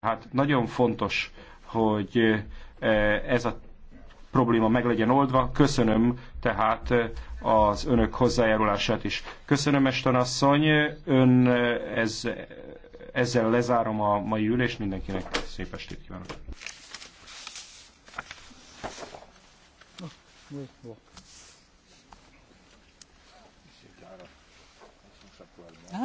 Hát nagyon fontos, hogy eh, ez a probléma meg legyen oldva. Köszönöm tehát eh, az önök hozzájárulását is. Köszönöm, Eston asszony. Ön eh, ez, ezzel lezárom a mai ülést. Mindenkinek szép estét kívánok. Ah.